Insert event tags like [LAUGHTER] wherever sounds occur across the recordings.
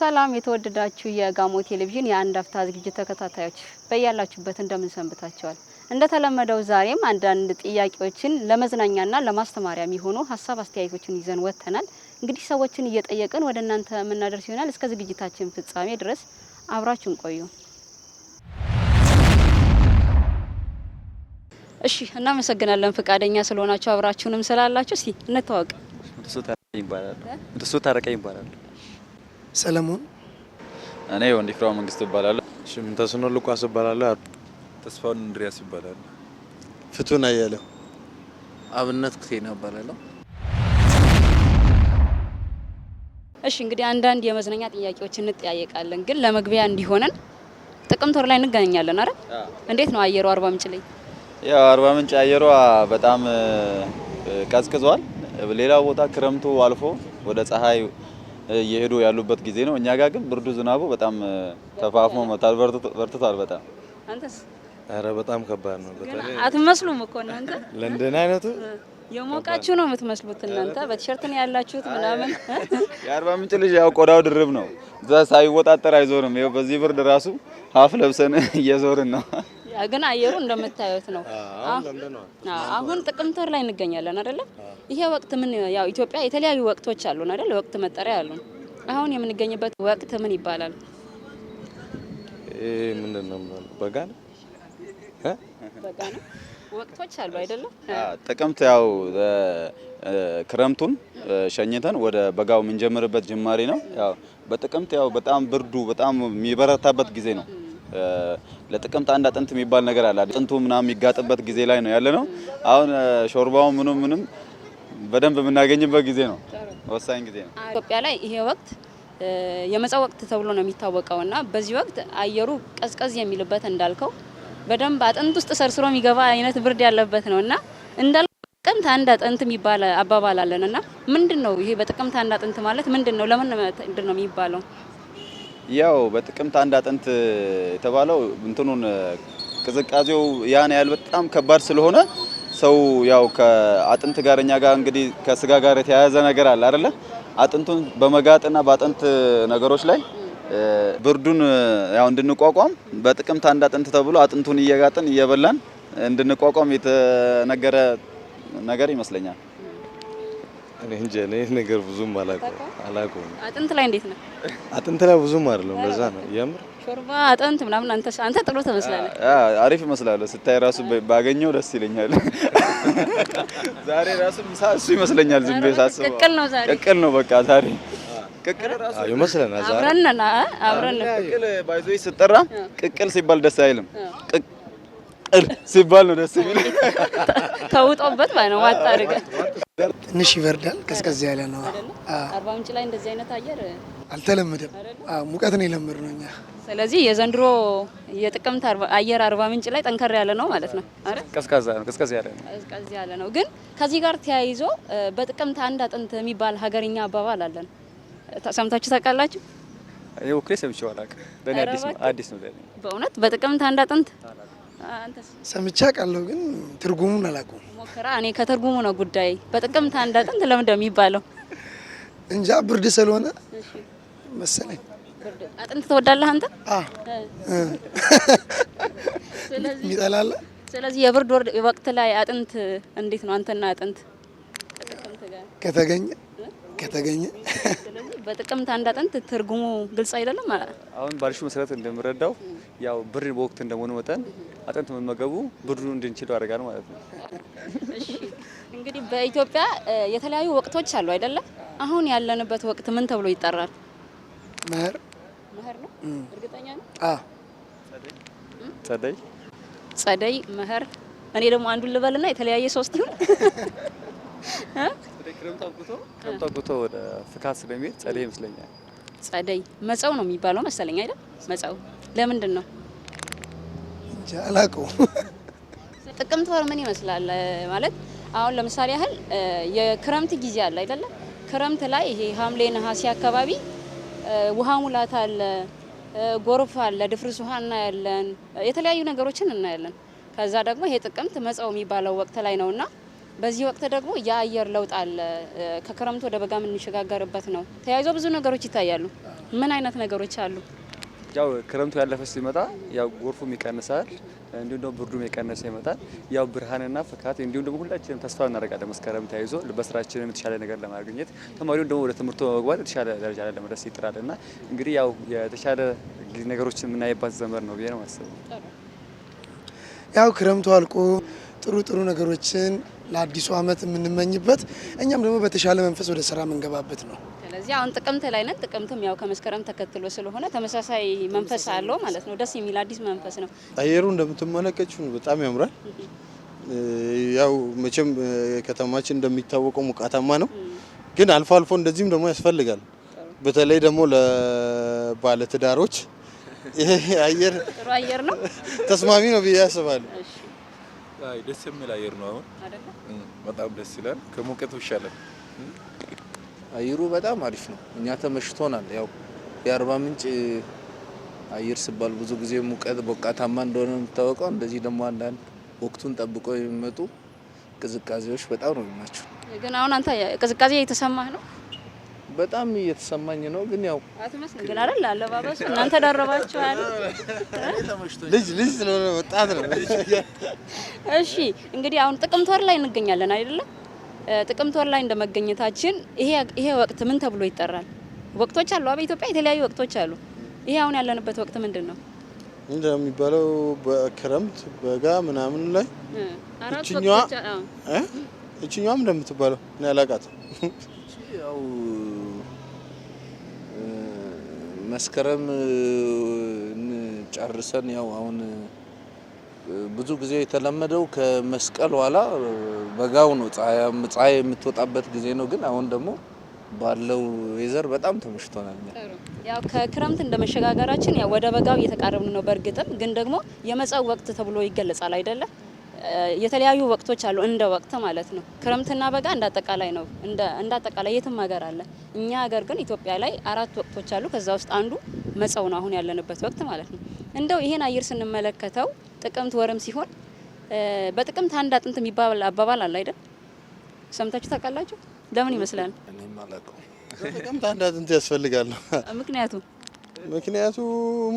ሰላም የተወደዳችሁ የጋሞ ቴሌቪዥን የአንድ አፍታ ዝግጅት ተከታታዮች በያላችሁበት እንደምን ሰንብታችኋል? እንደተለመደው ዛሬም አንዳንድ ጥያቄዎችን ለመዝናኛና ለማስተማሪያ የሚሆኑ ሀሳብ አስተያየቶችን ይዘን ወጥተናል። እንግዲህ ሰዎችን እየጠየቅን ወደ እናንተ የምናደርስ ይሆናል። እስከ ዝግጅታችን ፍጻሜ ድረስ አብራችሁን ቆዩ። እሺ፣ እናመሰግናለን ፈቃደኛ ስለሆናችሁ አብራችሁንም ስላላችሁ። እስቲ እንተዋወቅ። እሱ ታረቀኝ ይባላል። ሰለሞን እኔ ወንዲ ክራው መንግስት እባላለሁ። ሽም ተስኖ ልኳስ እባላለሁ። ተስፋውን እንድሪያስ ይባላል። ፍቱን አያለው አብነት ክቴና እባላለሁ። እሺ እንግዲህ አንዳንድ የመዝናኛ ጥያቄዎችን እንጠያየቃለን፣ ግን ለመግቢያ እንዲሆነን ጥቅምት ወር ላይ እንገናኛለን አረ እንዴት ነው አየሩ አርባ ምንጭ ላይ? ያው አርባ ምንጭ አየሩ በጣም ቀዝቅዟል። ሌላው ቦታ ክረምቱ አልፎ ወደ ፀሐይ እየሄዱ ያሉበት ጊዜ ነው። እኛ ጋር ግን ብርዱ ዝናቡ በጣም ተፋፍሞ መታል በርትቷል። በጣም አንተስ? አረ በጣም ከባድ ነው። በተለይ አትመስሉም እኮ እናንተ ለንደን አይነቱ የሞቃችሁ ነው የምትመስሉት እናንተ በቲሸርት ነው ያላችሁት ምናምን። [LAUGHS] የአርባ ምንጭ ልጅ ያው ቆዳው ድርብ ነው፣ ሳይወጣጠር አይዞርም። ይኸው በዚህ ብርድ ራሱ ሀፍ ለብሰን [LAUGHS] እየዞርን ነው። ግን አየሩ እንደምታዩት ነው። አሁን ጥቅምት ወር ላይ እንገኛለን አይደለ? ይሄ ወቅት ምን ያው ኢትዮጵያ የተለያዩ ወቅቶች አሉን አይደለ ወቅት መጠሪያ አሉን። አሁን የምንገኝበት ወቅት ምን ይባላል? ምንድን ነው? በጋ ነው። ወቅቶች አሉ አይደለም? ጥቅምት ያው ክረምቱን ሸኝተን ወደ በጋው የምንጀምርበት ጅማሬ ነው። ያው በጥቅምት ያው በጣም ብርዱ በጣም የሚበረታበት ጊዜ ነው። ለጥቅምት አንድ አጥንት የሚባል ነገር አለ። አጥንቱ ምናምን የሚጋጥበት ጊዜ ላይ ነው ያለ ነው። አሁን ሾርባው ምኑም ምንም በደንብ የምናገኝበት ጊዜ ነው፣ ወሳኝ ጊዜ ነው። ኢትዮጵያ ላይ ይሄ ወቅት የመጸው ወቅት ተብሎ ነው የሚታወቀው እና በዚህ ወቅት አየሩ ቀዝቀዝ የሚልበት እንዳልከው በደንብ አጥንት ውስጥ ሰርስሮ የሚገባ አይነት ብርድ ያለበት ነው እና እንዳልከው ጥቅምት አንድ አጥንት የሚባል አባባል አለን እና ምንድን ነው ይሄ በጥቅምት አንድ አጥንት ማለት ምንድን ነው? ለምን ምንድን ነው የሚባለው? ያው በጥቅምት አንድ አጥንት የተባለው እንትኑን ቅዝቃዜው ያን ያህል በጣም ከባድ ስለሆነ ሰው ያው ከአጥንት ጋር እኛ ጋር እንግዲህ ከስጋ ጋር የተያያዘ ነገር አለ አይደለ? አጥንቱን በመጋጥና በአጥንት ነገሮች ላይ ብርዱን ያው እንድንቋቋም በጥቅምት አንድ አጥንት ተብሎ አጥንቱን እየጋጥን እየበላን እንድንቋቋም የተነገረ ነገር ይመስለኛል። እኔ እንጃ እኔ ነገር ብዙም አላውቀውም አላውቀውም። አጥንት ላይ እንዴት ነው? አጥንት ላይ ብዙም አይደለም። ለዛ ነው የምር ሾርባ አጥንት ምናምን። አንተ አንተ ጥሩ ትመስላለህ። አሪፍ እመስላለሁ ስታይ ራሱ ባገኘው ደስ ይለኛል። [LAUGHS] ዛሬ ራሱ ምሳ እሱ ይመስለኛል። ዝም ብዬ ሳስበው ቅቅል ነው ዛሬ ቅቅል ነው በቃ ዛሬ ቅቅል ራሱ ይመስለናል። አብረን ነን አብረን ነን። ቅቅል ባይዞ ሲጠራ ቅቅል ሲባል ደስ አይልም። ቅል ሲባል ነው ደስ የሚል ተውጦበት ማለት ነው። ዋጣ አድርገን ትንሽ ይበርዳል። ቀዝቀዝ ያለ ነው። አርባ ምንጭ ላይ እንደዚህ አይነት አየር አልተለመደም። ሙቀት ነው የለመድነው እኛ። ስለዚህ የዘንድሮ የጥቅምት አየር አርባ ምንጭ ላይ ጠንከር ያለ ነው ማለት ነው። ቀዝቀዝ ያለ ነው። ግን ከዚህ ጋር ተያይዞ በጥቅምት አንድ አጥንት የሚባል ሀገርኛ አባባል አለን። ሰምታችሁ ታውቃላችሁ? ይሄ ወክሌ ሰምቼው አላውቅም። ለእኔ አዲስ ነው። በእውነት በጥቅምት አንድ አጥንት ሰምቻ ቃለሁ ግን ትርጉሙን አላውቀውም። ሞከራ እኔ ከትርጉሙ ነው ጉዳይ። በጥቅምት አንድ አጥንት ለምን የሚባለው እንጃ። ብርድ ስለሆነ መሰለኝ። አጥንት ትወዳለህ አንተ? ይጠላል። ስለዚህ የብርድ ወቅት ላይ አጥንት እንዴት ነው? አንተና አጥንት ከተገኘ ከተገኘ በጥቅምት አንድ አጥንት ትርጉሙ ግልጽ አይደለም። አሁን ባልሹ መሰረት እንደምረዳው ያው ብር በወቅት እንደመሆኑ መጠን አጥንት መመገቡ ብሩን እንድንችለው ያደርጋል ማለት ነው። እንግዲህ በኢትዮጵያ የተለያዩ ወቅቶች አሉ አይደለም። አሁን ያለንበት ወቅት ምን ተብሎ ይጠራል? መኸር መኸር ነው። እርግጠኛ ነው። ጸደይ፣ ጸደይ፣ መኸር። እኔ ደግሞ አንዱን ልበልና የተለያየ ሶስት ይሁን [LAUGHS] ክረምት አብቅቶ ወደ ፍካት ስለሚሄድ ጸደይ ይመስለኛል። ጸደይ መጸው ነው የሚባለው መሰለኝ አይደል? መጸው ለምንድን ነው እንጃ አላውቀውም። [LAUGHS] ጥቅምት ወር ምን ይመስላል ማለት አሁን ለምሳሌ ያህል የክረምት ጊዜ አለ አይደለም? ክረምት ላይ ይሄ ሐምሌ ነሐሴ አካባቢ ውሃ ሙላት አለ፣ ጎርፍ አለ፣ ድፍርስ ውሃ እናያለን፣ የተለያዩ ነገሮችን እናያለን። ከዛ ደግሞ ይሄ ጥቅምት መጸው የሚባለው ወቅት ላይ ነውና በዚህ ወቅት ደግሞ የአየር ለውጥ አለ። ከክረምት ወደ በጋ የምንሸጋገርበት ነው። ተያይዞ ብዙ ነገሮች ይታያሉ። ምን አይነት ነገሮች አሉ? ያው ክረምቱ ያለፈ ሲመጣ ያው ጎርፉም ይቀንሳል፣ እንዲሁም ደግሞ ብርዱም የቀነሰ ይመጣል። ያው ብርሃንና ፍካት እንዲሁም ደግሞ ሁላችንም ተስፋ እናደርጋለን መስከረም ተያይዞ በስራችንም የተሻለ ነገር ለማግኘት ተማሪውም ደግሞ ወደ ትምህርቱ በመግባት የተሻለ ደረጃ ላይ ለመድረስ ይጥራል እና እንግዲህ ያው የተሻለ ነገሮችን የምናይባት ዘመን ነው ብዬ ነው ማስበው። ያው ክረምቱ አልቆ ጥሩ ጥሩ ነገሮችን ለአዲሱ አመት የምንመኝበት እኛም ደግሞ በተሻለ መንፈስ ወደ ስራ የምንገባበት ነው። ስለዚህ አሁን ጥቅምት ላይ ነን። ጥቅምትም ያው ከመስከረም ተከትሎ ስለሆነ ተመሳሳይ መንፈስ አለው ማለት ነው። ደስ የሚል አዲስ መንፈስ ነው። አየሩ እንደምትመለከችው በጣም ያምራል። ያው መቼም ከተማችን እንደሚታወቀው ሙቃታማ ነው፣ ግን አልፎ አልፎ እንደዚህም ደግሞ ያስፈልጋል። በተለይ ደግሞ ለባለትዳሮች አየር ጥሩ አየር ነው፣ ተስማሚ ነው ብዬ አስባለሁ። አይ ደስ የሚል አየር ነው አሁን በጣም ደስ ይላል። ከሙቀቱ ይሻላል አየሩ በጣም አሪፍ ነው። እኛ ተመሽቶናል። ያው የአርባ ምንጭ አየር ሲባል ብዙ ጊዜ ሙቀት ቦቃታማ እንደሆነ የሚታወቀው እንደዚህ ደግሞ አንዳንድ ወቅቱን ጠብቆ የሚመጡ ቅዝቃዜዎች በጣም ነው ናቸው። ግን አሁን አንተ ቅዝቃዜ የተሰማህ ነው? በጣም እየተሰማኝ ነው። ግን ያው ግን አይደል አለባበሱ እናንተ ደረባችኋል። ልጅ ልጅ ስለሆነ ወጣት ነው። እሺ እንግዲህ አሁን ጥቅምት ወር ላይ እንገኛለን አይደለም? ጥቅምት ወር ላይ እንደመገኘታችን ይሄ ወቅት ምን ተብሎ ይጠራል? ወቅቶች አሉ በኢትዮጵያ የተለያዩ ወቅቶች አሉ። ይሄ አሁን ያለንበት ወቅት ምንድን ነው እንደሚባለው? በክረምት በጋ ምናምን ላይ እችኛዋም እንደምትባለው እኔ አላውቃትም ያው መስከረም ጨርሰን ያው አሁን ብዙ ጊዜ የተለመደው ከመስቀል ኋላ በጋው ነው ፀሐይ የምትወጣበት ጊዜ ነው። ግን አሁን ደግሞ ባለው ዌዘር በጣም ተመሽቶናል። ያው ከክረምት እንደ መሸጋገራችን ያው ወደ በጋው እየተቃረብን ነው። በእርግጥም ግን ደግሞ የመጸው ወቅት ተብሎ ይገለጻል አይደለም የተለያዩ ወቅቶች አሉ፣ እንደ ወቅት ማለት ነው። ክረምትና በጋ እንዳጠቃላይ ነው፣ እንዳጠቃላይ የትም ሀገር አለ። እኛ ሀገር ግን ኢትዮጵያ ላይ አራት ወቅቶች አሉ። ከዛ ውስጥ አንዱ መጸው ነው፣ አሁን ያለንበት ወቅት ማለት ነው። እንደው ይሄን አየር ስንመለከተው ጥቅምት ወርም ሲሆን በጥቅምት አንድ አጥንት የሚባል አባባል አለ አይደል? ሰምታችሁ ታውቃላችሁ? ለምን ይመስላል? ጥቅምት አንድ አጥንት ያስፈልጋል ነው ምክንያቱ ምክንያቱም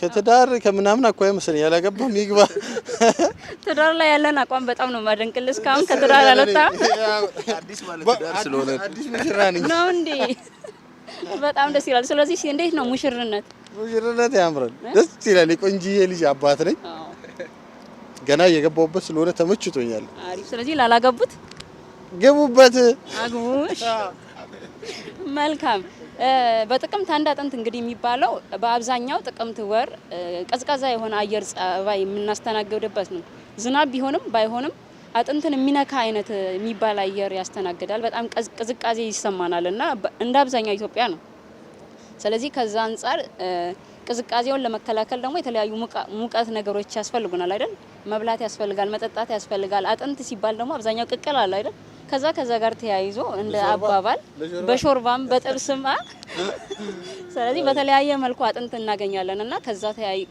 ከትዳር ከምናምን አኳያ መሰለኝ ያላገባም ይግባ ትዳር ላይ ያለን አቋም በጣም ነው ማደንቅልህ። እስካሁን ከትዳር አልወጣም። አዲስ ማለት ትዳር ስለሆነ አዲስ ሙሽራ ነኝ ነው እንዴ? በጣም ደስ ይላል። ስለዚህ እንዴት ነው ሙሽርነት? ሙሽርነት ያምራል፣ ደስ ይላል። የቆንጂዬ ልጅ አባት ነኝ ገና የገባውበት ስለሆነ ተመችቶኛል። አሪፍ። ስለዚህ ላላገቡት ግቡበት፣ አግቡሽ። መልካም። በጥቅምት አንድ አጥንት እንግዲህ የሚባለው በአብዛኛው ጥቅምት ወር ቀዝቃዛ የሆነ አየር ጸባይ የምናስተናግድበት ነው። ዝናብ ቢሆንም ባይሆንም አጥንትን የሚነካ አይነት የሚባል አየር ያስተናግዳል። በጣም ቅዝቃዜ ይሰማናል እና እንደ አብዛኛው ኢትዮጵያ ነው። ስለዚህ ከዛ አንጻር ቅዝቃዜውን ለመከላከል ደግሞ የተለያዩ ሙቀት ነገሮች ያስፈልጉናል አይደል? መብላት ያስፈልጋል፣ መጠጣት ያስፈልጋል። አጥንት ሲባል ደግሞ አብዛኛው ቅቅል አለ አይደል? ከዛ ከዛ ጋር ተያይዞ እንደ አባባል በሾርባም በጥብስም፣ ስለዚህ በተለያየ መልኩ አጥንት እናገኛለን እና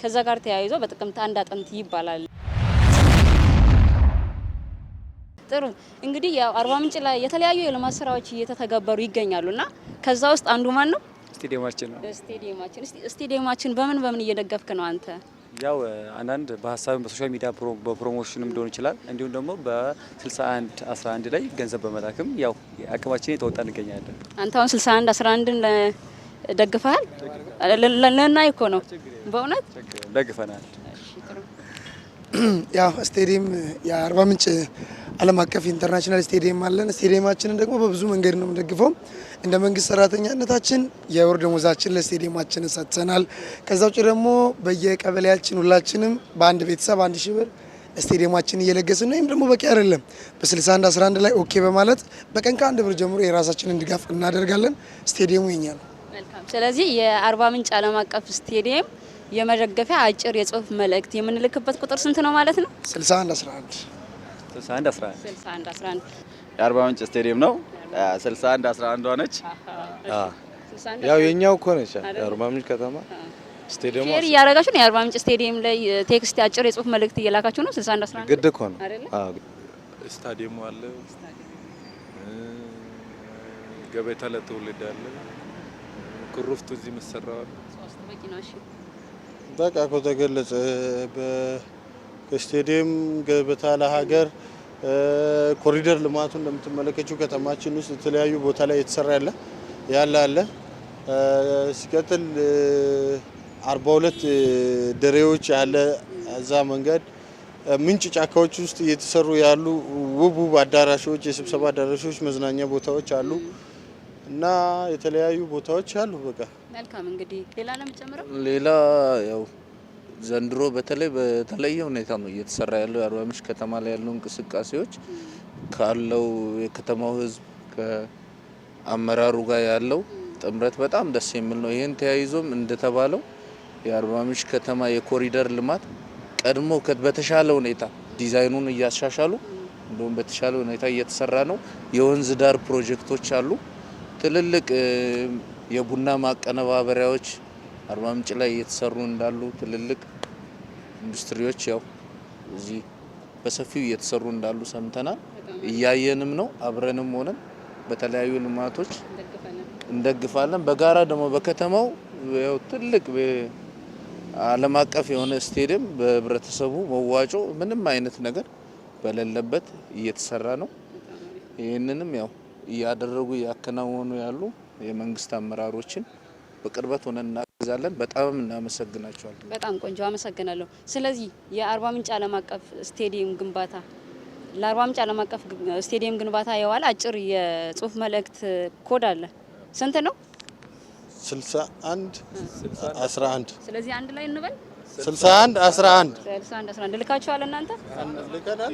ከዛ ጋር ተያይዞ በጥቅምት አንድ አጥንት ይባላል። ጥሩ እንግዲህ ያው አርባ ምንጭ ላይ የተለያዩ የልማት ስራዎች እየተተገበሩ ይገኛሉና ከዛ ውስጥ አንዱ ማን ነው? ስቴዲየማችን ነው። ስቴዲየማችን ስቴዲየማችን በምን በምን እየደገፍክ ነው አንተ? ያው አንዳንድ በሀሳብም በሶሻል ሚዲያ በፕሮሞሽንም ሊሆን ይችላል። እንዲሁም ደግሞ በ61 11 ላይ ገንዘብ በመላክም ያው አቅማችን የተወጣ እንገኛለን። አንተ አሁን 61 11ን ደግፈሃል? ልናይ እኮ ነው በእውነት ደግፈናል። ያው ስቴዲየም የአርባ ምንጭ ዓለም አቀፍ ኢንተርናሽናል ስቴዲየም አለን። ስቴዲየማችንን ደግሞ በብዙ መንገድ ነው የምንደግፈው። እንደ መንግስት ሰራተኛነታችን የወር ደሞዛችን ለስቴዲየማችን ሰጥተናል። ከዛ ውጭ ደግሞ በየቀበሌያችን ሁላችንም በአንድ ቤተሰብ አንድ ሺህ ብር ስቴዲየማችን እየለገስን ነው። ይህም ደግሞ በቂ አይደለም። በ61 11 ላይ ኦኬ በማለት በቀን ከአንድ ብር ጀምሮ የራሳችንን ድጋፍ እናደርጋለን። ስቴዲየሙ የኛ ነው። ስለዚህ የአርባ ምንጭ ዓለም አቀፍ ስቴዲየም የመደገፊያ አጭር የጽሁፍ መልእክት የምንልክበት ቁጥር ስንት ነው ማለት ነው? 61 11 የአርባ ምንጭ ስቴዲየም ነው። 61 11 ነች። ያው የኛው እኮ ነች የአርባ ምንጭ ከተማ ስቴዲየም ሼር እያደረጋችሁ ነው። የአርባ ምንጭ ስቴዲየም ላይ ቴክስት፣ አጭር የጽሁፍ መልእክት እየላካችሁ ነው። 61 11 ግድ እኮ ነው። ስታዲየሙ አለ፣ ገበታ ለትውልድ አለ፣ ኩሩፍቱ እዚህ መሰራው በቃ እኮ ተገለጸ። ስቴዲየም ገበታ ለሀገር ኮሪደር ልማቱ እንደምትመለከችው ከተማችን ውስጥ የተለያዩ ቦታ ላይ የተሰራ ያለ ያለ አለ። ሲቀጥል 42 ደሬዎች ያለ እዛ መንገድ ምንጭ ጫካዎች ውስጥ እየተሰሩ ያሉ ውብ ውብ አዳራሾች፣ የስብሰባ አዳራሾች፣ መዝናኛ ቦታዎች አሉ እና የተለያዩ ቦታዎች አሉ። በቃ መልካም እንግዲህ ሌላ ለምጨምረው ሌላ ያው ዘንድሮ በተለይ በተለየ ሁኔታ ነው እየተሰራ ያለው። የአርባ ምንጭ ከተማ ላይ ያለው እንቅስቃሴዎች ካለው የከተማው ህዝብ ከአመራሩ ጋር ያለው ጥምረት በጣም ደስ የሚል ነው። ይህን ተያይዞም እንደተባለው የአርባ ምንጭ ከተማ የኮሪደር ልማት ቀድሞ በተሻለ ሁኔታ ዲዛይኑን እያሻሻሉ እንዲሁም በተሻለ ሁኔታ እየተሰራ ነው። የወንዝ ዳር ፕሮጀክቶች አሉ። ትልልቅ የቡና ማቀነባበሪያዎች አርባ ምንጭ ላይ እየተሰሩ እንዳሉ ትልልቅ ኢንዱስትሪዎች ያው እዚህ በሰፊው እየተሰሩ እንዳሉ ሰምተናል። እያየንም ነው። አብረንም ሆነን በተለያዩ ልማቶች እንደግፋለን። በጋራ ደግሞ በከተማው ያው ትልቅ ዓለም አቀፍ የሆነ ስቴዲየም በህብረተሰቡ መዋጮ ምንም አይነት ነገር በሌለበት እየተሰራ ነው። ይህንንም ያው እያደረጉ እያከናወኑ ያሉ የመንግስት አመራሮችን በቅርበት ሆነን እናግዛለን። በጣም እናመሰግናቸዋለን። በጣም ቆንጆ አመሰግናለሁ። ስለዚህ የአርባ ምንጭ ዓለም አቀፍ ስቴዲየም ግንባታ ለአርባ ምንጭ ዓለም አቀፍ ስቴዲየም ግንባታ የዋለ አጭር የጽሁፍ መልእክት ኮድ አለ። ስንት ነው? 61 11። ስለዚህ አንድ ላይ እንበል 61 11 61 11 ልካችኋል እናንተ ልከናል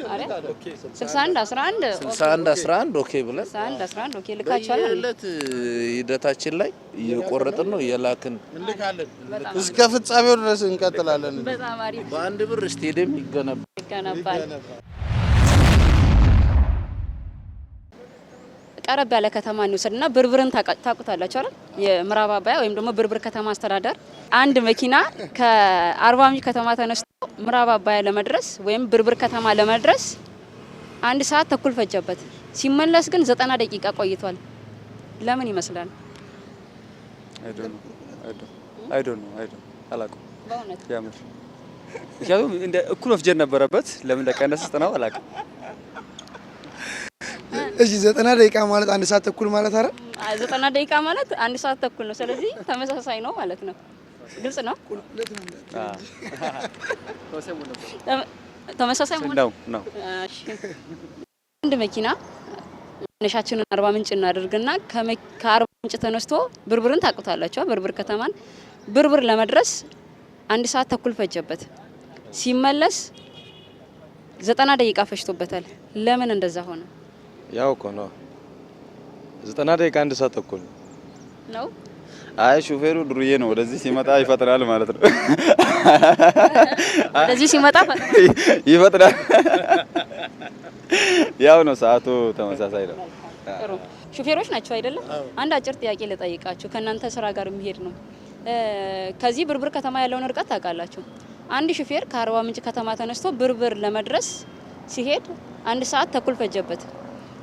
ኦኬ 61 11 61 11 ኦኬ ብለን 61 11 ኦኬ ልካችኋል እለት ሂደታችን ላይ እየቆረጥን ነው እየላክን እስከ ፍጻሜው ድረስ እንቀጥላለን በጣም አሪፍ በአንድ ብር ስቴዲየም ይገነባል ይገነባል ቀረብ ያለ ከተማ እንውሰድ እና ብርብርን ታውቁታላችሁ አይደል? የምዕራብ አባያ ወይም ደግሞ ብርብር ከተማ አስተዳደር አንድ መኪና ከአርባ ምንጭ ከተማ ተነስቶ ምዕራብ አባያ ለመድረስ ወይም ብርብር ከተማ ለመድረስ አንድ ሰዓት ተኩል ፈጀበት። ሲመለስ ግን ዘጠና ደቂቃ ቆይቷል። ለምን ይመስላል? አላውቅም በእውነት ያምር። ምክንያቱም እኩል መፍጀት ነበረበት። ለምን እንደቀነሰ ዘጠናው አላውቅም። እሺ ዘጠና ደቂቃ ማለት አንድ ሰዓት ተኩል ማለት አረ ዘጠና ደቂቃ ማለት አንድ ሰዓት ተኩል ነው። ስለዚህ ተመሳሳይ ነው ማለት ነው። ግልጽ ነው። ተመሳሳይ ነው ነው። እሺ አንድ መኪና መነሻችንን አርባ ምንጭ እናደርግና ከአርባ ምንጭ ተነስቶ ብርብርን ታውቁታላችሁ፣ ብርብር ከተማን። ብርብር ለመድረስ አንድ ሰዓት ተኩል ፈጀበት። ሲመለስ ዘጠና ደቂቃ ፈጅቶበታል። ለምን እንደዛ ሆነ? ያው እኮ ነው። ዘጠና ደቂቃ አንድ ሰዓት ተኩል ነው። አይ ሹፌሩ ዱርዬ ነው። ወደዚህ ሲመጣ ይፈጥናል ማለት ነው። [LAUGHS] ወደዚህ ሲመጣ [LAUGHS] ይፈጥናል። ያው ነው፣ ሰዓቱ ተመሳሳይ ነው። ሹፌሮች ናቸው አይደለም? አንድ አጭር ጥያቄ ልጠይቃችሁ፣ ከእናንተ ስራ ጋር የሚሄድ ነው። ከዚህ ብርብር ከተማ ያለውን ርቀት ታውቃላችሁ? አንድ ሹፌር ከአርባ ምንጭ ከተማ ተነስቶ ብርብር ለመድረስ ሲሄድ አንድ ሰዓት ተኩል ፈጀበት።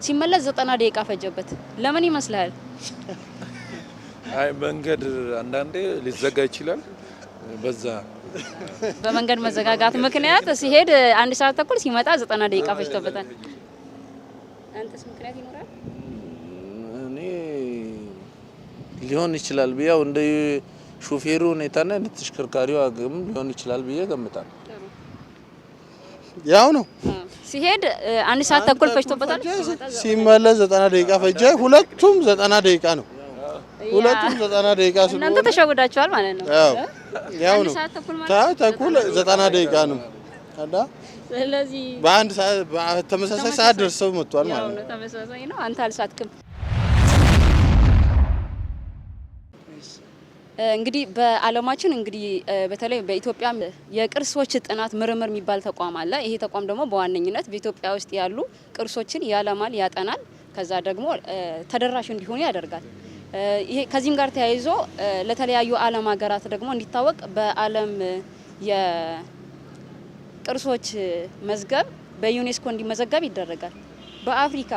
ሲመለስ ዘጠና ደቂቃ ፈጀበት። ለምን ይመስላል? አይ መንገድ አንዳንዴ ሊዘጋ ይችላል። በዛ በመንገድ መዘጋጋት ምክንያት ሲሄድ አንድ ሰዓት ተኩል ሲመጣ ዘጠና ደቂቃ ፈጅቶበታል። አንተስ ምክንያት ይኖራል? እኔ ሊሆን ይችላል ብዬ እንደ ሹፌሩ ሁኔታና እንደ ተሽከርካሪው አቅም ሊሆን ይችላል ብዬ ገምታለሁ። ያው ነው። ሲሄድ አንድ ሰዓት ተኩል ፈጅቶበታል፣ ሲመለስ ዘጠና ደቂቃ ፈጀ። ሁለቱም ዘጠና ደቂቃ ነው። ሁለቱም ዘጠና ደቂቃ ስለሆነ እናንተ ተሸውዳችኋል ማለት ነው። ያው ነው። ተኩል ዘጠና ደቂቃ ነው። ስለዚህ በአንድ ሰዓት ተመሳሳይ ሰዓት ደርሰው መጥቷል ማለት ነው። ተመሳሳይ ነው። አንተ አልሳትክም። እንግዲህ በዓለማችን እንግዲህ በተለይ በኢትዮጵያ የቅርሶች ጥናት ምርምር የሚባል ተቋም አለ። ይሄ ተቋም ደግሞ በዋነኝነት በኢትዮጵያ ውስጥ ያሉ ቅርሶችን ያለማል፣ ያጠናል፣ ከዛ ደግሞ ተደራሽ እንዲሆኑ ያደርጋል። ይሄ ከዚህም ጋር ተያይዞ ለተለያዩ ዓለም ሀገራት ደግሞ እንዲታወቅ በዓለም የቅርሶች መዝገብ በዩኔስኮ እንዲመዘገብ ይደረጋል። በአፍሪካ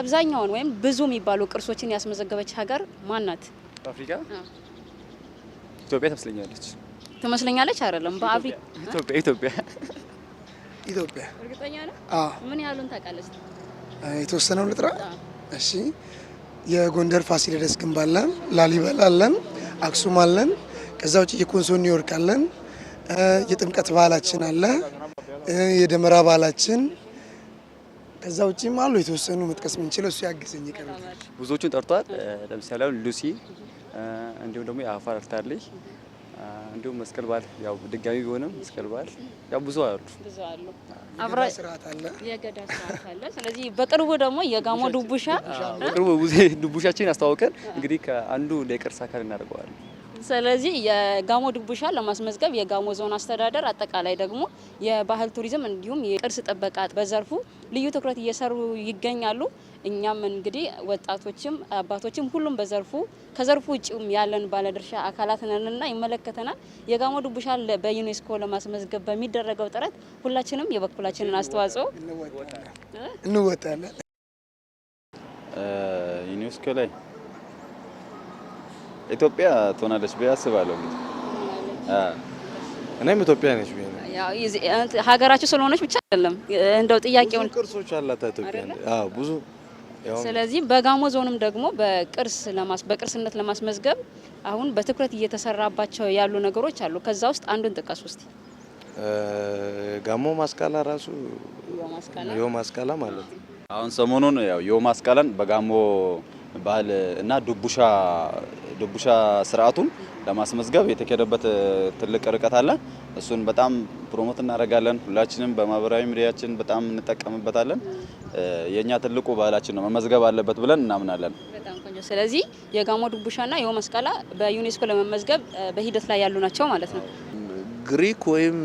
አብዛኛውን ወይም ብዙ የሚባሉ ቅርሶችን ያስመዘገበች ሀገር ማን ናት? አፍሪካ ኢትዮጵያ ትመስለኛለች። ትመስለኛለች አይደለም፣ በአፍሪካ ኢትዮጵያ ኢትዮጵያ ኢትዮጵያ። እርግጠኛ ነህ? አዎ። ምን ያህሉን ታውቃለች? የተወሰነውን ልጥራ። እሺ፣ የጎንደር ፋሲለደስ ግንብ አለን፣ ላሊበላ አለን፣ አክሱም አለን። ከዛ ውጭ የኮንሶ ኒውዮርክ አለን፣ የጥምቀት ባህላችን አለ፣ የደመራ ባህላችን ከዛ ውጭም አሉ የተወሰኑ መጥቀስ የምንችለው እሱ ያገዘኝ ይቀርብ ብዙዎቹን ጠርቷል። ለምሳሌ ሉሲ እንዲሁም ደግሞ የአፋር አርታሌ እንዲሁም መስቀል በዓል ያው ድጋሚ ቢሆንም መስቀል በዓል ያው ብዙ አሉ ብዙ አሉ አብራ ስርዓት አለ የገዳ ስርዓት አለ። ስለዚህ በቅርቡ ደግሞ የጋሞ ዱቡሻ በቅርቡ ዱቡሻችን አስተዋውቀን እንግዲህ ከአንዱ ለቅርስ አካል እናደርገዋለን። ስለዚህ የጋሞ ድቡሻ ለማስመዝገብ የጋሞ ዞን አስተዳደር አጠቃላይ ደግሞ የባህል ቱሪዝም እንዲሁም የቅርስ ጥበቃ በዘርፉ ልዩ ትኩረት እየሰሩ ይገኛሉ። እኛም እንግዲህ ወጣቶችም አባቶችም ሁሉም በዘርፉ ከዘርፉ ውጭም ያለን ባለድርሻ አካላት ነንና ይመለከተናል። የጋሞ ድቡሻ በዩኔስኮ ለማስመዝገብ በሚደረገው ጥረት ሁላችንም የበኩላችንን አስተዋጽኦ እንወጣለን። ዩኔስኮ ላይ ኢትዮጵያ ትሆናለች ብዬ አስባለሁ። እንግዲህ እኔም ኢትዮጵያ ነች ብዬ ሀገራችሁ ስለሆነች ብቻ አይደለም እንደው ጥያቄውን ቅርሶች አላት ኢትዮጵያ ብዙ። ስለዚህ በጋሞ ዞንም ደግሞ በቅርስ ለማስ በቅርስነት ለማስመዝገብ አሁን በትኩረት እየተሰራባቸው ያሉ ነገሮች አሉ። ከዛ ውስጥ አንዱን ጥቀሱ እስቲ። ጋሞ ማስቃላ ራሱ ዮ ማስቃላ ማለት ነው። አሁን ሰሞኑን ያው ዮ ማስቃላን በጋሞ ባህል እና ዱቡሻ ዱቡሻ ስርዓቱን ለማስመዝገብ የተኬደበት ትልቅ ርቀት አለ። እሱን በጣም ፕሮሞት እናደርጋለን። ሁላችንም በማህበራዊ ሚዲያችን በጣም እንጠቀምበታለን። የኛ ትልቁ ባህላችን ነው፣ መመዝገብ አለበት ብለን እናምናለን። ስለዚህ የጋሞ ዱቡሻና የሆ መስቀላ በዩኔስኮ ለመመዝገብ በሂደት ላይ ያሉ ናቸው ማለት ነው። ግሪክ ወይም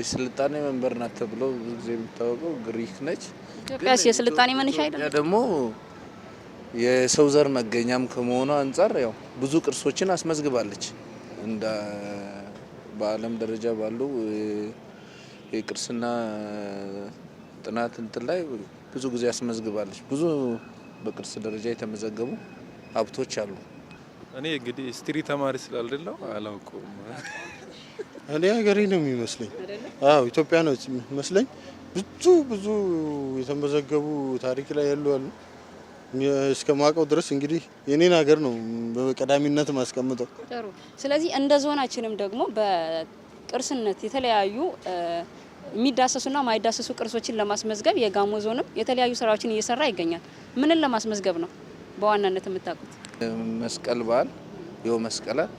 የስልጣኔ መንበር ናት ተብሎ ብዙ ጊዜ የሚታወቀው ግሪክ ነች። ኢትዮጵያስ የስልጣኔ መነሻ አይደለም ደግሞ የሰው ዘር መገኛም ከመሆኑ አንጻር ያው ብዙ ቅርሶችን አስመዝግባለች። እንደ በዓለም ደረጃ ባሉ የቅርስና ጥናት እንትን ላይ ብዙ ጊዜ አስመዝግባለች። ብዙ በቅርስ ደረጃ የተመዘገቡ ሀብቶች አሉ። እኔ እንግዲህ ስትሪ ተማሪ ስላልደለው አላውቀውም። እኔ ሀገሬ ነው የሚመስለኝ። አዎ ኢትዮጵያ ነው የሚመስለኝ። ብዙ ብዙ የተመዘገቡ ታሪክ ላይ ያሉ አሉ። እስከ ማውቀው ድረስ እንግዲህ የኔን ሀገር ነው በቀዳሚነት ማስቀምጠው። ጥሩ። ስለዚህ እንደ ዞናችንም ደግሞ በቅርስነት የተለያዩ የሚዳሰሱና ማይዳሰሱ ቅርሶችን ለማስመዝገብ የጋሞ ዞንም የተለያዩ ስራዎችን እየሰራ ይገኛል። ምንን ለማስመዝገብ ነው በዋናነት የምታውቁት? መስቀል በዓል ይኸው መስቀላት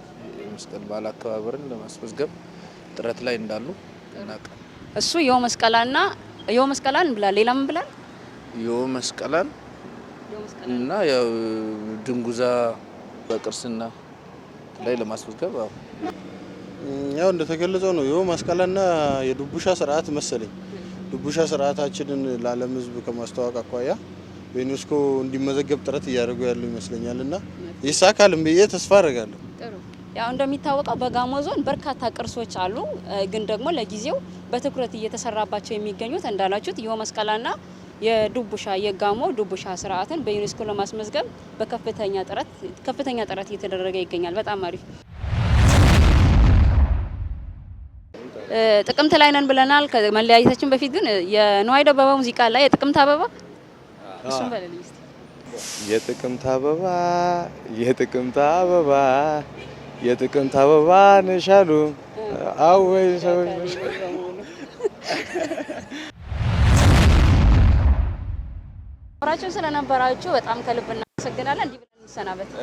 መስቀል በዓል አከባበርን ለማስመዝገብ ጥረት ላይ እንዳሉ እናውቃለን። እሱ የው መስቀላና የው መስቀላን ብላ ሌላም ምን ብላል? የው መስቀላን እና ያው ድንጉዛ በቅርስና ላይ ለማስመዝገብ ያው እንደተገለጸው ነው። የው መስቀላና የዱቡሻ ስርዓት መሰለኝ ዱቡሻ ስርዓታችንን ለዓለም ሕዝብ ከማስተዋወቅ አኳያ በዩኔስኮ እንዲመዘገብ ጥረት እያደረጉ ያለው ይመስለኛል እና ይሳካልም ብዬ ተስፋ አደርጋለሁ። ያው እንደሚታወቀው በጋሞ ዞን በርካታ ቅርሶች አሉ። ግን ደግሞ ለጊዜው በትኩረት እየተሰራባቸው የሚገኙት እንዳላችሁት ይሆ መስቀላና የዱቡሻ የጋሞ ዱቡሻ ስርዓትን በዩኔስኮ ለማስመዝገብ በከፍተኛ ጥረት ከፍተኛ ጥረት እየተደረገ ይገኛል። በጣም አሪፍ ጥቅምት ላይ ነን ብለናል። ከመለያየታችን በፊት ግን የነዋይ ደበባ ሙዚቃ ላይ የጥቅምት አበባ እሱም በለልኝ የጥቅምት አበባ የጥቅምት አበባ የጥቅምት አበባ ነሽ አሉ። አወይ ሰው አብራችሁን ስለነበራችሁ በጣም ከልብ እናመሰግናለን። እንዲህ ብለን እንሰናበት።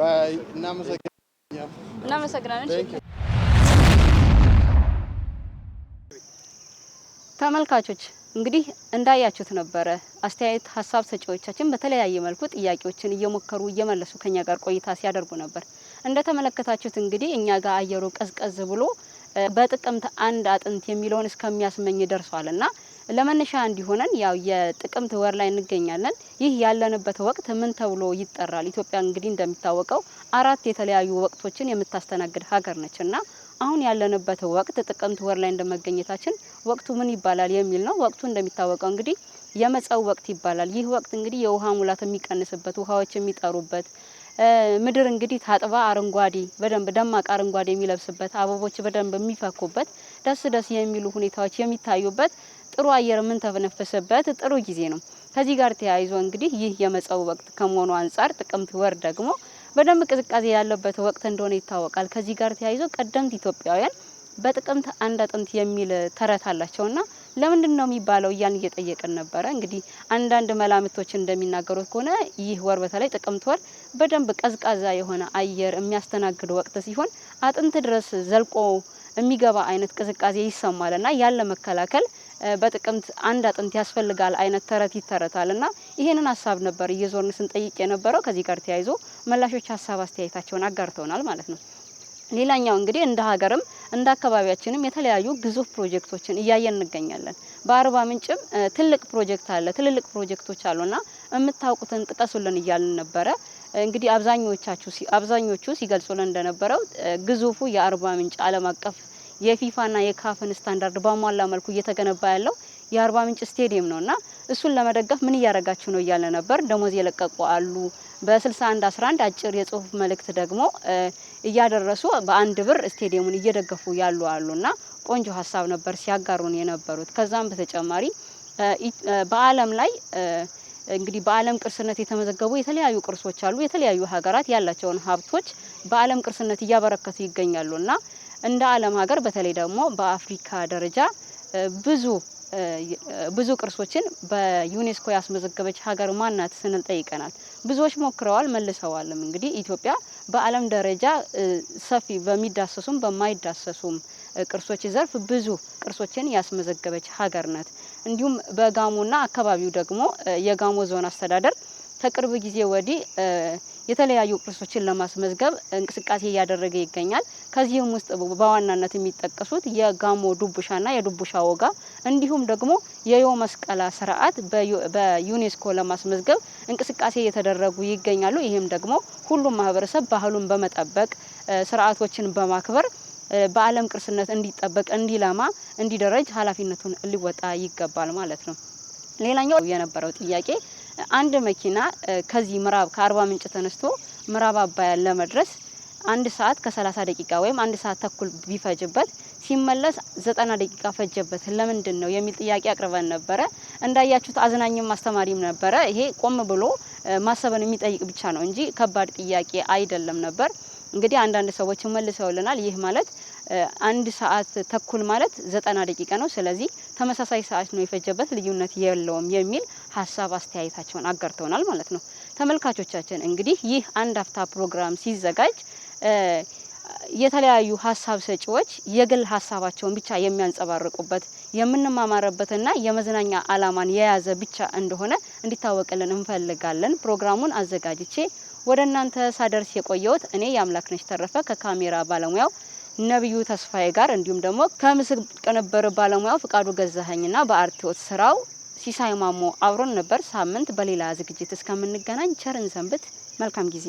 ባይ እናመሰግናለን። ተመልካቾች እንግዲህ እንዳያችሁት ነበረ። አስተያየት ሀሳብ ሰጪዎቻችን በተለያየ መልኩ ጥያቄዎችን እየሞከሩ እየመለሱ ከኛ ጋር ቆይታ ሲያደርጉ ነበር። እንደተመለከታችሁት እንግዲህ እኛ ጋር አየሩ ቀዝቀዝ ብሎ በጥቅምት አንድ አጥንት የሚለውን እስከሚያስመኝ ደርሷል እና ለመነሻ እንዲሆነን ያው የጥቅምት ወር ላይ እንገኛለን። ይህ ያለንበት ወቅት ምን ተብሎ ይጠራል? ኢትዮጵያ እንግዲህ እንደሚታወቀው አራት የተለያዩ ወቅቶችን የምታስተናግድ ሀገር ነች እና አሁን ያለንበት ወቅት ጥቅምት ወር ላይ እንደመገኘታችን ወቅቱ ምን ይባላል የሚል ነው። ወቅቱ እንደሚታወቀው እንግዲህ የመጸው ወቅት ይባላል። ይህ ወቅት እንግዲህ የውሃ ሙላት የሚቀንስበት፣ ውሃዎች የሚጠሩበት፣ ምድር እንግዲህ ታጥባ አረንጓዴ በደንብ ደማቅ አረንጓዴ የሚለብስበት፣ አበቦች በደንብ የሚፈኩበት፣ ደስ ደስ የሚሉ ሁኔታዎች የሚታዩበት፣ ጥሩ አየር የምንተነፍስበት ጥሩ ጊዜ ነው። ከዚህ ጋር ተያይዞ እንግዲህ ይህ የመጸው ወቅት ከመሆኑ አንጻር ጥቅምት ወር ደግሞ በደንብ ቅዝቃዜ ያለበት ወቅት እንደሆነ ይታወቃል። ከዚህ ጋር ተያይዞ ቀደምት ኢትዮጵያውያን በጥቅምት አንድ አጥንት የሚል ተረት እና ለምንድን ነው የሚባለው እያን እየጠየቅን ነበረ። እንግዲህ አንዳንድ መላምቶች እንደሚናገሩት ከሆነ ይህ ወር በተለይ ጥቅምት ወር በደንብ ቀዝቃዛ የሆነ አየር የሚያስተናግድ ወቅት ሲሆን አጥንት ድረስ ዘልቆ የሚገባ አይነት ቅዝቃዜ እና ያለ መከላከል ። በጥቅምት አንድ አጥንት ያስፈልጋል አይነት ተረት ይተረታል እና ይሄንን ሀሳብ ነበር እየዞርን ስንጠይቅ የነበረው። ከዚህ ጋር ተያይዞ መላሾች ሀሳብ አስተያየታቸውን አጋርተውናል ማለት ነው። ሌላኛው እንግዲህ እንደ ሀገርም እንደ አካባቢያችንም የተለያዩ ግዙፍ ፕሮጀክቶችን እያየን እንገኛለን። በአርባ ምንጭም ትልቅ ፕሮጀክት አለ፣ ትልልቅ ፕሮጀክቶች አሉና የምታውቁትን ጥቀሱልን እያልን ነበረ። እንግዲህ አብዛኞቻችሁ አብዛኞቹ ሲገልጹልን እንደነበረው ግዙፉ የአርባ ምንጭ ዓለም አቀፍ የፊፋና የካፍን ስታንዳርድ በሟላ መልኩ እየተገነባ ያለው የአርባ ምንጭ ስቴዲየም እና እሱን ለመደገፍ ምን እያደረጋችሁ ነው እያለ ነበር። ደሞዝ የለቀቁ አሉ። በ61 11 አጭር የጽሁፍ መልእክት ደግሞ እያደረሱ በአንድ ብር ስቴዲየሙን እየደገፉ ያሉ አሉና ቆንጆ ሀሳብ ነበር ሲያጋሩን የነበሩት። ከዛም በተጨማሪ በዓለም ላይ እንግዲህ በዓለም ቅርስነት የተመዘገቡ የተለያዩ ቅርሶች አሉ። የተለያዩ ሀገራት ያላቸውን ሀብቶች በዓለም ቅርስነት እያበረከቱ ይገኛሉና እንደ ዓለም ሀገር በተለይ ደግሞ በአፍሪካ ደረጃ ብዙ ብዙ ቅርሶችን በዩኔስኮ ያስመዘገበች ሀገር ማናት ስንል ጠይቀናል። ብዙዎች ሞክረዋል መልሰዋልም። እንግዲህ ኢትዮጵያ በዓለም ደረጃ ሰፊ በሚዳሰሱም በማይዳሰሱም ቅርሶች ዘርፍ ብዙ ቅርሶችን ያስመዘገበች ሀገር ናት። እንዲሁም በጋሞና አካባቢው ደግሞ የጋሞ ዞን አስተዳደር ከቅርብ ጊዜ ወዲህ የተለያዩ ቅርሶችን ለማስመዝገብ እንቅስቃሴ እያደረገ ይገኛል። ከዚህም ውስጥ በዋናነት የሚጠቀሱት የጋሞ ዱቡሻና የዱቡሻ ወጋ እንዲሁም ደግሞ የዮ መስቀላ ስርዓት በዩኔስኮ ለማስመዝገብ እንቅስቃሴ እየተደረጉ ይገኛሉ። ይህም ደግሞ ሁሉም ማህበረሰብ ባህሉን በመጠበቅ ስርዓቶችን በማክበር በዓለም ቅርስነት እንዲጠበቅ፣ እንዲለማ፣ እንዲደረጅ ኃላፊነቱን ሊወጣ ይገባል ማለት ነው። ሌላኛው የነበረው ጥያቄ አንድ መኪና ከዚህ ምዕራብ ከአርባ ምንጭ ተነስቶ ምዕራብ አባያን ለመድረስ አንድ ሰዓት ከሰላሳ ደቂቃ ወይም አንድ ሰዓት ተኩል ቢፈጅበት ሲመለስ ዘጠና ደቂቃ ፈጀበት ለምንድን ነው የሚል ጥያቄ አቅርበን ነበረ። እንዳያችሁት አዝናኝም አስተማሪም ነበረ። ይሄ ቆም ብሎ ማሰብን የሚጠይቅ ብቻ ነው እንጂ ከባድ ጥያቄ አይደለም ነበር። እንግዲህ አንዳንድ ሰዎች መልሰውልናል። ይህ ማለት አንድ ሰዓት ተኩል ማለት ዘጠና ደቂቃ ነው። ስለዚህ ተመሳሳይ ሰዓት ነው የፈጀበት፣ ልዩነት የለውም የሚል ሀሳብ አስተያየታቸውን አጋርተውናል ማለት ነው። ተመልካቾቻችን እንግዲህ ይህ አንድ አፍታ ፕሮግራም ሲዘጋጅ የተለያዩ ሀሳብ ሰጪዎች የግል ሀሳባቸውን ብቻ የሚያንጸባርቁበት የምንማማረበትና የመዝናኛ አላማን የያዘ ብቻ እንደሆነ እንዲታወቅልን እንፈልጋለን። ፕሮግራሙን አዘጋጅቼ ወደ እናንተ ሳደርስ የቆየሁት እኔ የአምላክ ነሽ ተረፈ ከካሜራ ባለሙያው ነብዩ ተስፋዬ ጋር እንዲሁም ደግሞ ከምስል ቅንብር ባለሙያው ፍቃዱ ገዛኸኝና በአርቴዎት ስራው ሲሳይ ማሞ አብሮን ነበር። ሳምንት በሌላ ዝግጅት እስከምንገናኝ ቸርን ሰንብት። መልካም ጊዜ